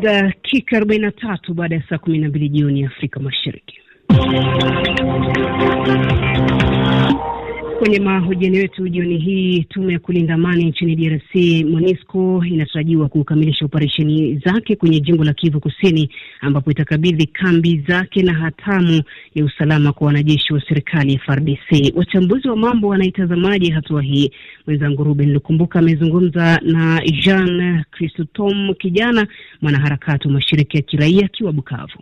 dakika arobaini na tatu baada ya saa kumi na mbili jioni ya Afrika Mashariki. Kwenye mahojiano yetu jioni hii, tume ya kulinda amani nchini DRC MONUSCO inatarajiwa kukamilisha operesheni zake kwenye jimbo la Kivu Kusini, ambapo itakabidhi kambi zake na hatamu ya usalama kwa wanajeshi wa serikali ya FARDC. Wachambuzi wa mambo wanaitazamaje hatua hii? Mwenzangu Ruben Lukumbuka amezungumza na Jean Christom Kijana, mwanaharakati wa mashirika ya kiraia akiwa Bukavu.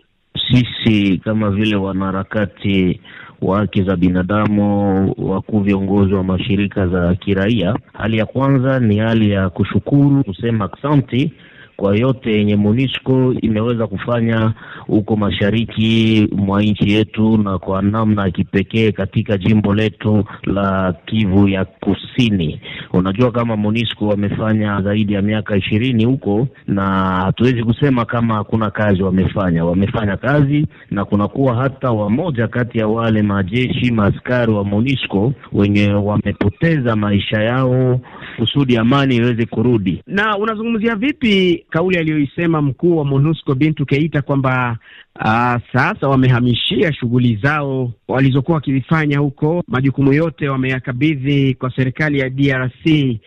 Sisi kama vile wanaharakati wa haki za binadamu, wakuu viongozi wa mashirika za kiraia. Hali ya kwanza ni hali ya kushukuru, kusema asante kwa yote yenye MONUSCO imeweza kufanya huko mashariki mwa nchi yetu na kwa namna ya kipekee katika jimbo letu la Kivu ya Kusini. Unajua kama MONUSCO wamefanya zaidi ya miaka ishirini huko, na hatuwezi kusema kama hakuna kazi wamefanya. Wamefanya kazi na kunakuwa hata wamoja kati ya wale majeshi maaskari wa MONUSCO wenye wamepoteza maisha yao kusudi amani iweze kurudi. Na unazungumzia vipi kauli aliyoisema mkuu wa MONUSCO Bintu Keita kwamba uh, sasa wamehamishia shughuli zao walizokuwa wakizifanya huko, majukumu yote wameyakabidhi kwa serikali ya DRC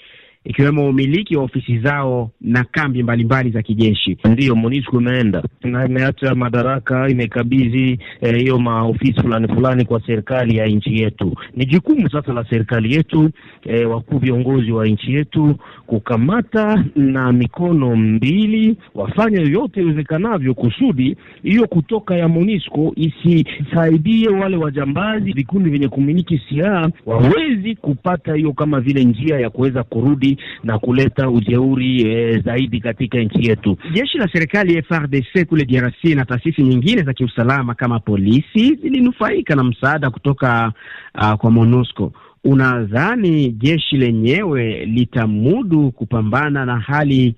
ikiwemo umiliki wa ofisi zao na kambi mbalimbali mbali za kijeshi. Ndiyo MONUSCO imeenda na imeacha madaraka, imekabidhi eh, hiyo e, maofisi fulani fulani kwa serikali ya nchi yetu. Ni jukumu sasa la serikali yetu e, wakuu viongozi wa nchi yetu kukamata na mikono mbili, wafanye yote iwezekanavyo kusudi hiyo kutoka ya MONUSCO isisaidie wale wajambazi, vikundi vyenye kumiliki silaha wawezi kupata hiyo kama vile njia ya kuweza kurudi na kuleta ujeuri e, zaidi katika nchi yetu. Jeshi la serikali FRDC kule DRC na taasisi nyingine za kiusalama kama polisi zilinufaika na msaada kutoka uh, kwa MONUSCO. Unadhani jeshi lenyewe litamudu kupambana na hali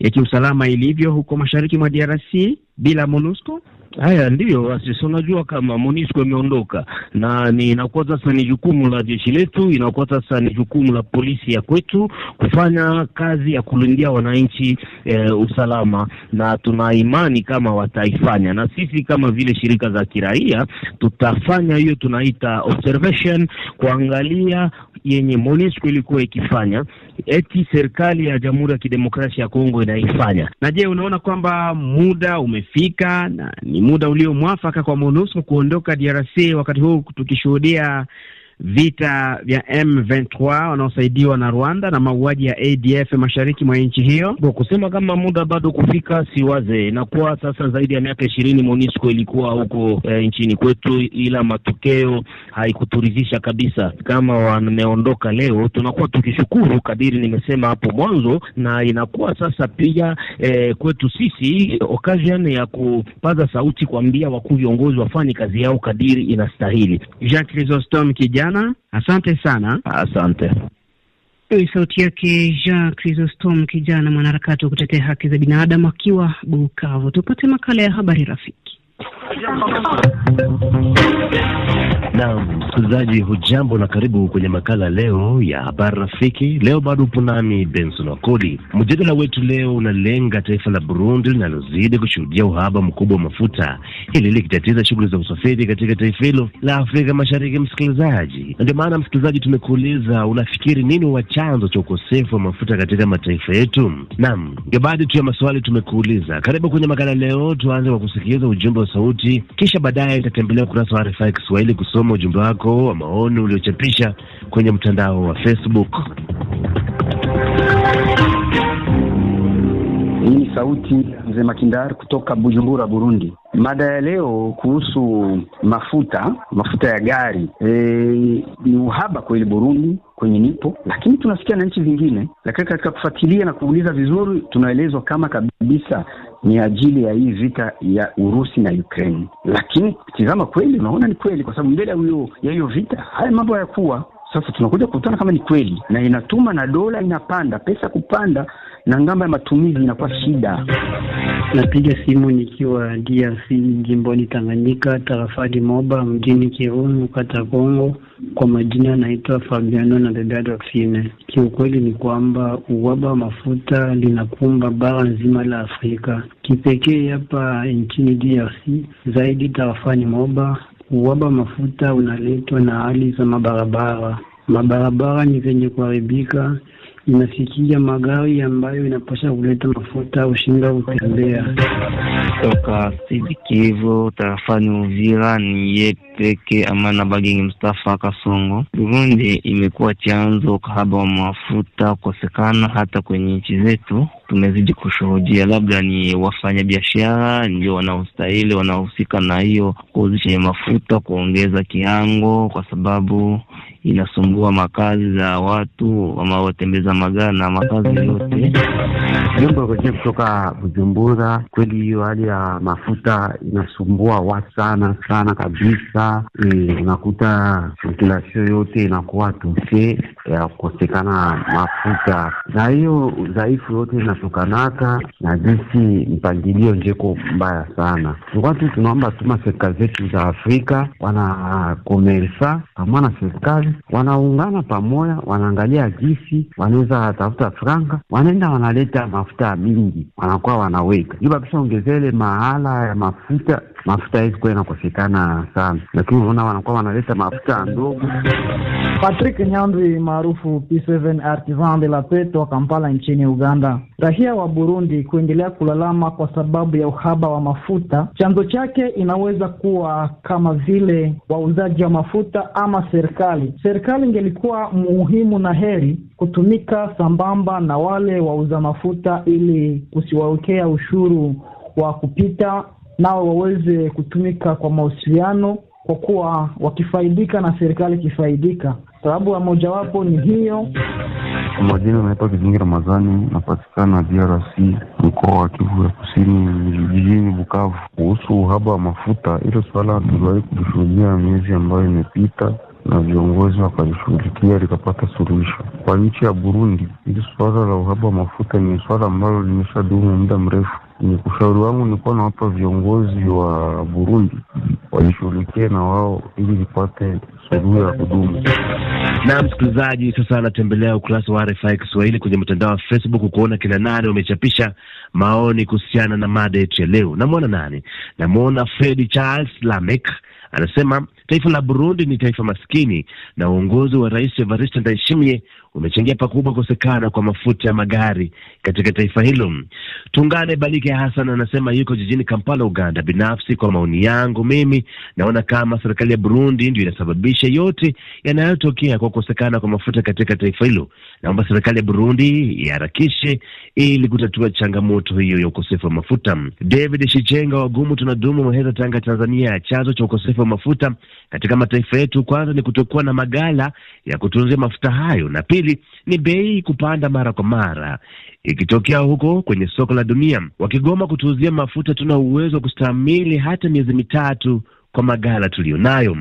ya kiusalama ilivyo huko mashariki mwa DRC? bila MONUSCO? Haya ndiyo si unajua kama MONUSCO imeondoka na ni inakuwa sasa ni jukumu la jeshi letu, inakuwa sasa ni jukumu la polisi ya kwetu kufanya kazi ya kulindia wananchi e, usalama, na tuna imani kama wataifanya, na sisi kama vile shirika za kiraia tutafanya hiyo, tunaita observation, kuangalia yenye MONUSCO ilikuwa ikifanya, eti serikali ya Jamhuri ya Kidemokrasia ya Kongo inaifanya. Na je, unaona kwamba muda ume imefika na ni muda uliomwafaka kwa MONUSCO kuondoka DRC, wakati huu tukishuhudia vita vya M23 wanaosaidiwa na Rwanda na mauaji ya ADF mashariki mwa nchi hiyo. Kwa kusema kama muda bado kufika, siwaze inakuwa sasa zaidi ya miaka ishirini MONUSCO ilikuwa huko e, nchini kwetu, ila matokeo haikuturidhisha kabisa. Kama wameondoka leo, tunakuwa tukishukuru kadiri nimesema hapo mwanzo, na inakuwa sasa pia e, kwetu sisi occasion ya kupaza sauti, kuambia wakuu viongozi wafanye kazi yao kadiri inastahili. Jean Chrysostome Kija vijana. Asante sana, asante. Ni sauti yake Jean Chrysostom, kijana mwanaharakati wa kutetea haki za binadamu akiwa Bukavu. Tupate makala ya habari rafiki nam msikilizaji, hujambo na karibu kwenye makala leo ya habari rafiki. Leo bado upo nami Benson wakodi Mjadala wetu leo unalenga taifa la Burundi linalozidi kushuhudia uhaba mkubwa wa mafuta, hili likitatiza shughuli za usafiri katika taifa hilo la Afrika Mashariki. Msikilizaji, na ndio maana msikilizaji, tumekuuliza unafikiri nini wa chanzo cha ukosefu wa mafuta katika mataifa yetu? Naam, ndio baadhi tu ya maswali tumekuuliza. Karibu kwenye makala leo. Tuanze kwa kusikiliza ujumbe wa sauti magazeti, kisha baadaye nitatembelea ukurasa wa RFI Kiswahili kusoma ujumbe wako wa maoni uliochapisha kwenye mtandao wa Facebook. Hii ni sauti mzee Makindar kutoka Bujumbura, Burundi. Mada ya leo kuhusu mafuta, mafuta ya gari. E, ni uhaba kweli Burundi kwenye nipo, lakini tunasikia na nchi zingine, lakini katika kufuatilia na kuuliza vizuri, tunaelezwa kama kabisa ni ajili ya hii vita ya Urusi na Ukraine. Lakini tizama kweli, unaona ni kweli, kwa sababu mbele ya hiyo vita haya mambo hayakuwa. Sasa tunakuja kukutana kama ni kweli, na inatuma na dola inapanda, pesa kupanda na ngamba ya matumizi inakuwa shida. Napiga simu nikiwa DRC jimboni Tanganyika, tarafadi Moba, mjini Kirumu, kata Kongo. Kwa majina naitwa Fabiano na Bebeado Fine. Kiukweli ni kwamba uwaba wa mafuta linakumba bara nzima la Afrika, kipekee hapa nchini DRC, zaidi tarafani Moba. Uwaba wa mafuta unaletwa na hali za mabarabara. Mabarabara ni zenye kuharibika inafikia magari ambayo inapasha kuleta mafuta ushinda utembea toka Sidi Kivu tarafani Uvira ni ye peke Amana Bagingi Mustafa Kasongo. Burundi imekuwa chanzo kahaba wa mafuta kukosekana hata kwenye nchi zetu tumezidi kushuhudia, labda ni wafanyabiashara ndio wanaostahili wanaohusika na hiyo kuuza chenye mafuta, kuongeza kiango, kwa sababu inasumbua makazi za watu ama watembeza magari na makazi yote. Jambo kwenye kutoka Bujumbura. Kweli hiyo hali ya mafuta inasumbua watu sana sana kabisa. E, unakuta populasio yote inakuwa tuse ya kukosekana mafuta, na hiyo udhaifu yote inatokanaka na jinsi mpangilio njeko mbaya sana. Watu tunaomba tuma serikali zetu za Afrika wana komersa pamoja na serikali wanaungana pamoja, wanaangalia jinsi wanaweza tafuta franga, wanaenda wanaleta mafuta mingi, wanakuwa wanaweka juu kabisa, ongezele mahala ya mafuta mafuta hizi kuwa inakosekana sana, lakini unaona wanakuwa wanaleta mafuta ndogo. Patrick Nyambi maarufu P7 Artisan de la Paix toka Kampala nchini Uganda. Raia wa Burundi kuendelea kulalama kwa sababu ya uhaba wa mafuta, chanzo chake inaweza kuwa kama vile wauzaji wa mafuta ama serikali. Serikali ingelikuwa muhimu na heri kutumika sambamba na wale wauza mafuta, ili kusiwawekea ushuru wa kupita nao waweze kutumika kwa mawasiliano, kwa kuwa wakifaidika na serikali ikifaidika. Sababu ya mojawapo ni hiyo. Majina naitwa Kizingi Ramadhani, napatikana DRC, mkoa wa Kivu ya Kusini, jijini Bukavu. Kuhusu uhaba wa mafuta, hilo suala tuliwahi kulishuhudia miezi ambayo imepita na viongozi wakalishughulikia likapata suluhisho. Kwa nchi ya Burundi, hili suala la uhaba wa mafuta ni suala ambalo limeshadumu muda mrefu ni ushauri wangu ni kuwa nawapa viongozi wa Burundi walishughulikie na wao ili lipate suluhu ya kudumu. Na msikilizaji, sasa anatembelea ukurasa wa RFI Kiswahili kwenye mtandao wa Facebook kuona kina nani wamechapisha maoni kuhusiana na mada yetu ya leo. Namwona nani? Namwona Fredi Charles Lamek Anasema taifa la Burundi ni taifa maskini na uongozi wa Rais Evariste Ndayishimiye umechangia pakubwa kukosekana kwa mafuta ya magari katika taifa hilo. Tungane Balike Hassan anasema yuko jijini Kampala, Uganda. Binafsi, kwa maoni yangu mimi naona kama serikali ya Burundi ndio inasababisha yote yanayotokea kwa kukosekana kwa mafuta katika taifa hilo. Naomba serikali ya Burundi iharakishe ili kutatua changamoto hiyo ya ukosefu wa mafuta. David Shichenga wagumu tunadumu Muheza, Tanga, Tanzania. Chanzo cha ukosefu wa mafuta katika mataifa yetu, kwanza ni kutokuwa na magala ya kutunzia mafuta hayo, na pili ni bei kupanda mara kwa mara ikitokea huko kwenye soko la dunia. Wakigoma kutuuzia mafuta, tuna uwezo wa kustahimili hata miezi mitatu kwa magala tuliyonayo.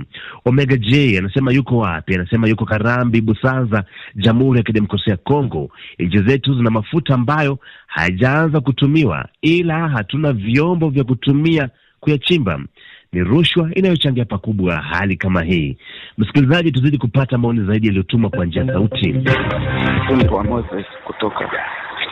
Omega J anasema yuko wapi? Anasema yuko Karambi, Busanza, Jamhuri ya Kidemokrasia ya Kongo. Nchi zetu zina mafuta ambayo hayajaanza kutumiwa, ila hatuna vyombo vya kutumia kuyachimba ni rushwa inayochangia pakubwa hali kama hii. Msikilizaji, tuzidi kupata maoni zaidi yaliyotumwa kwa njia sauti. Mbwa Moses kutoka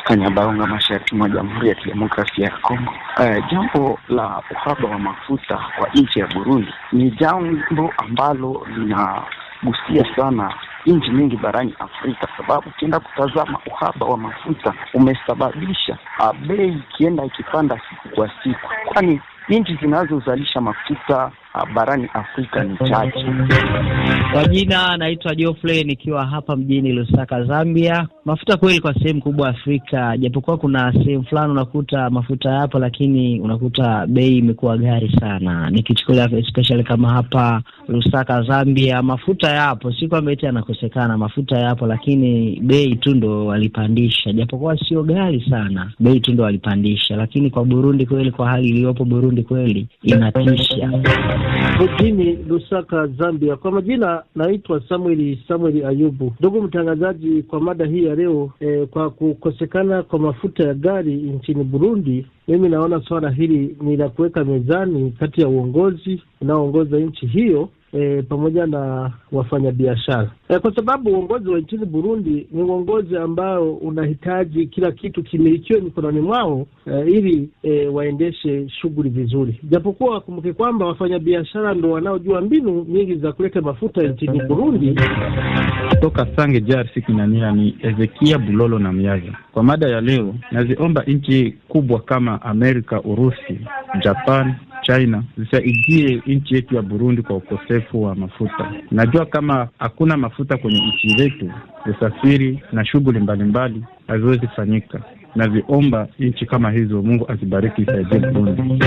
Kanyabaonga, mashariki mwa Jamhuri ya Kidemokrasia ya Kongo. Uh, jambo la uhaba wa mafuta kwa nchi ya Burundi ni jambo ambalo linagusia sana nchi nyingi barani Afrika, sababu ukienda kutazama uhaba wa mafuta umesababisha ah, bei ikienda ikipanda siku kwa siku, kwani nchi zinazozalisha mafuta Ah, barani Afrika ni chache. Kwa jina naitwa Geoffrey nikiwa hapa mjini Lusaka, Zambia. Mafuta kweli kwa sehemu kubwa Afrika, japokuwa kuna sehemu fulani unakuta mafuta yapo, lakini unakuta bei imekuwa ghali sana. Nikichukulia especially kama hapa Lusaka, Zambia, mafuta yapo, si kwamba eti yanakosekana, mafuta yapo, lakini bei tu ndo walipandisha, japokuwa sio ghali sana, bei tu ndo walipandisha. Lakini kwa Burundi kweli, kwa hali iliyopo Burundi kweli inatisha mjini Lusaka, Zambia. Kwa majina naitwa Samuel Samuel Ayubu. Ndugu mtangazaji, kwa mada hii ya leo eh, kwa kukosekana kwa mafuta ya gari nchini Burundi, mimi naona swala hili ni la kuweka mezani kati ya uongozi unaoongoza nchi hiyo e, pamoja na wafanyabiashara e, kwa sababu uongozi wa nchini Burundi ni uongozi ambao unahitaji kila kitu kimilikiwe mikononi mwao e, ili e, waendeshe shughuli vizuri, japokuwa wakumbuke kwamba wafanyabiashara ndo wanaojua mbinu nyingi za kuleta mafuta nchini Burundi. Toka Sange jar siku ni Ezekia Bulolo na Miaza. Kwa mada ya leo, naziomba nchi kubwa kama Amerika, Urusi, Japan China zisaidie nchi yetu ya Burundi kwa ukosefu wa mafuta. Najua kama hakuna mafuta kwenye nchi zetu, usafiri na shughuli mbalimbali haziwezi fanyika naziomba nchi kama hizo, Mungu azibariki, saidia Burundi.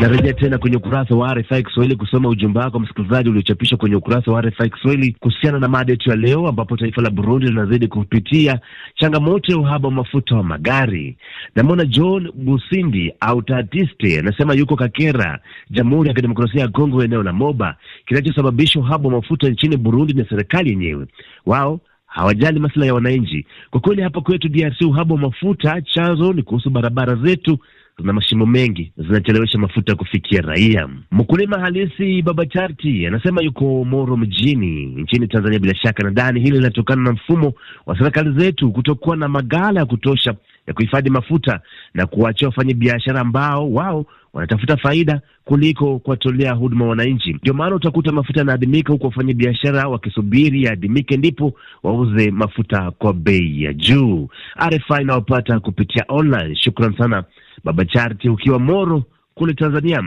Narejea tena kwenye ukurasa wa RFI Kiswahili kusoma ujumbe wako msikilizaji uliochapishwa kwenye ukurasa wa RFI Kiswahili kuhusiana na mada yetu ya leo, ambapo taifa la Burundi linazidi kupitia changamoto ya uhaba wa mafuta wa magari. Namwona John Busindi au Tatiste anasema yuko Kakera, Jamhuri ya Kidemokrasia ya Kongo, eneo la Moba. Kinachosababisha uhaba wa mafuta nchini Burundi na serikali yenyewe wao hawajali masuala ya wananchi. Kwa kweli hapa kwetu DRC uhaba wa mafuta, chanzo ni kuhusu barabara zetu zina mashimo mengi, zinachelewesha mafuta kufikia raia. Mkulima halisi Baba Charti anasema yuko Moro mjini nchini Tanzania. Bila shaka nadhani hili linatokana na mfumo wa serikali zetu kutokuwa na maghala ya kutosha ya kuhifadhi mafuta na kuwaachia wafanya biashara ambao wao wanatafuta faida kuliko kuwatolea huduma wananchi. Ndio maana utakuta mafuta yanaadimika, huku wafanya biashara wakisubiri yaadimike ndipo wauze mafuta kwa bei ya juu. RFI inayopata kupitia online. Shukran sana Baba Charti ukiwa Moro kule Tanzania.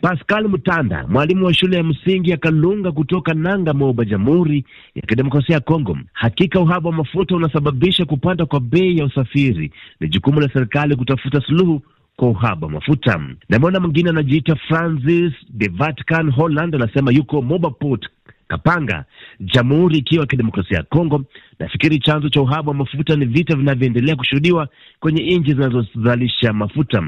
Pascal Mutanda, mwalimu wa shule ya msingi ya Kalunga kutoka Nanga Moba, Jamhuri ya Kidemokrasia ya Kongo. Hakika uhaba wa mafuta unasababisha kupanda kwa bei ya usafiri. Ni jukumu la serikali kutafuta suluhu kwa uhaba wa mafuta. Namwona mwingine anajiita Francis de Vatican Holland, anasema yuko Moba Port Kapanga, Jamhuri ikiwa kidemokrasia ya Kongo. Nafikiri chanzo cha uhaba wa mafuta ni vita vinavyoendelea kushuhudiwa kwenye nchi zinazozalisha mafuta.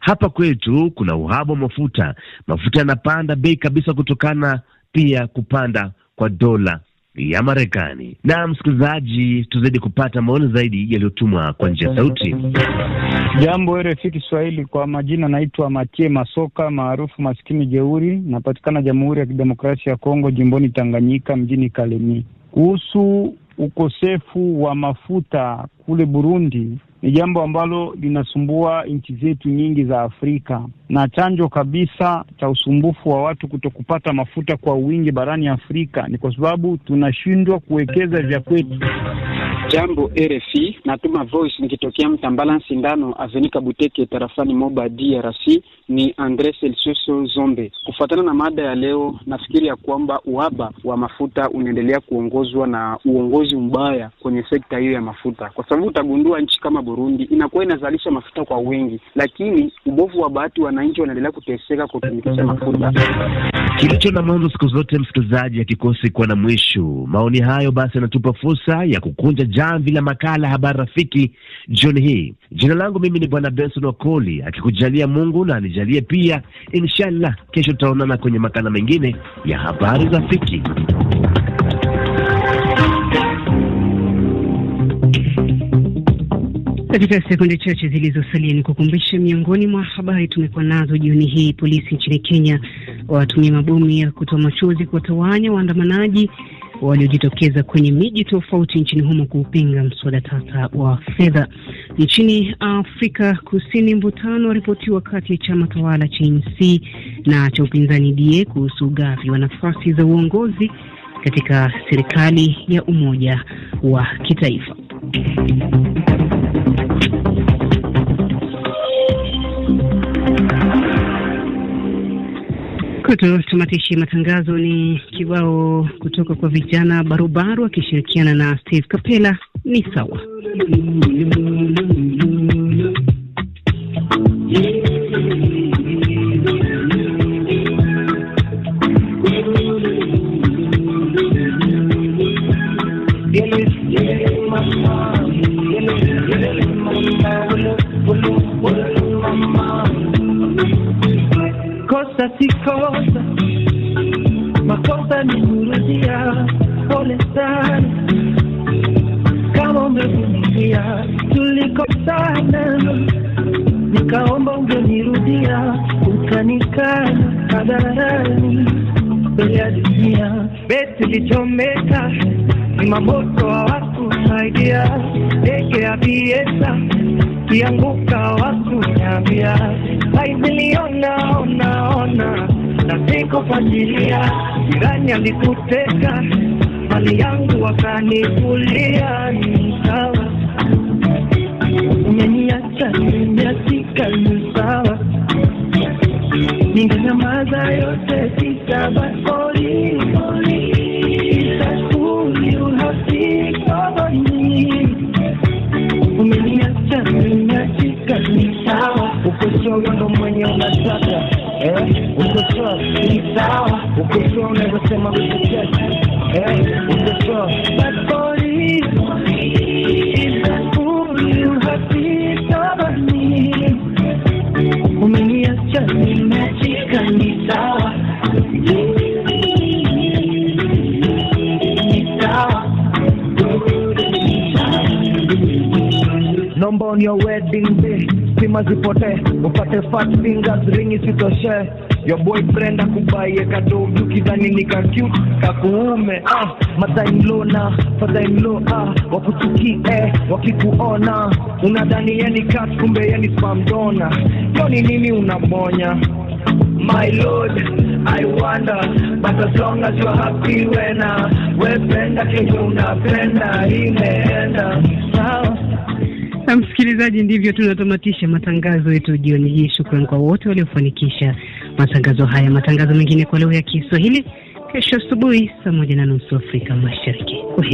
Hapa kwetu kuna uhaba wa mafuta, mafuta yanapanda bei kabisa, kutokana pia kupanda kwa dola ya Marekani. Na msikilizaji, tuzidi kupata maoni zaidi yaliyotumwa kwa njia sauti. Jambo RFI Kiswahili, kwa majina naitwa Matie Masoka maarufu maskini jeuri, napatikana Jamhuri ya Kidemokrasia ya Kongo, jimboni Tanganyika, mjini Kalemi. Kuhusu ukosefu wa mafuta kule Burundi, ni jambo ambalo linasumbua nchi zetu nyingi za Afrika, na chanjo kabisa cha usumbufu wa watu kuto kupata mafuta kwa wingi barani Afrika ni kwa sababu tunashindwa kuwekeza vya kwetu. Jambo RFI, natuma voice nikitokea Mtambala Sindano Avenika Buteke tarafani Moba DRC. Ni Andre Selsoso Zombe. Kufuatana na mada ya leo, nafikiri ya kwamba uhaba wa mafuta unaendelea kuongozwa na uongozi mbaya kwenye sekta hiyo ya mafuta, kwa sababu utagundua nchi kama Burundi inakuwa inazalisha mafuta kwa wingi, lakini ubovu wa bahati, wananchi wanaendelea kuteseka kutumikisha mafuta. Kilicho na mwanzo siku zote, msikilizaji, hakikosi kuwa na mwisho. Maoni hayo basi yanatupa fursa ya kukunja jamvi la makala Habari Rafiki jioni hii. Jina langu mimi ni Bwana Benson Wakoli, akikujalia Mungu na anijalie pia, inshallah kesho tutaonana kwenye makala mengine ya Habari Rafiki. Katika sekunde chache zilizosalia, ni kukumbisha miongoni mwa habari tumekuwa nazo jioni hii. Polisi nchini Kenya watumia mabomu ya kutoa machozi kuwatawanya waandamanaji waliojitokeza kwenye miji tofauti nchini humo kuupinga mswada tata wa fedha. Nchini Afrika Kusini, mvutano waripotiwa kati ya chama tawala cha ANC na cha upinzani DA kuhusu ugavi wa nafasi za uongozi katika serikali ya umoja wa kitaifa. tamatishi matangazo ni kibao kutoka kwa vijana barubaru akishirikiana na Steve Kapela ni sawa barabarani mbele ya dunia metulichomeka zimamoto hawakusaidia ndege ya biesa kianguka hawakunyambia haiziliona onaona nasikufajilia jirani alikuteka mali yangu wakanikulia ni sawa unyaniacha nimeatika ni sawa ningenyamaza yote sitabakoli umeniacha nimeachika ni sawa ukosoa ndo mwenye eh? Naomba on your wedding day sima zipote upate fat fingers, ringi sitoshe, your boyfriend akubaie kadogo kidhani ni ka cute kakuume, ah mataimlo na fataimlo, ah wakuchukie wakikuona, unadhani ni cat, kumbe ye ni spam dona Yoni nini unamonya? My lord, I wonder, but as long as you're happy wena, wependa kenye unapenda imeenda ah, sasa msikilizaji, ndivyo tunatamatisha matangazo yetu jioni hii. Shukrani kwa wote waliofanikisha matangazo haya. Matangazo mengine kwa leo ya Kiswahili kesho asubuhi saa moja na nusu Afrika Mashariki. Kwa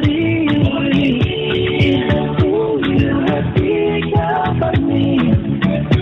heri.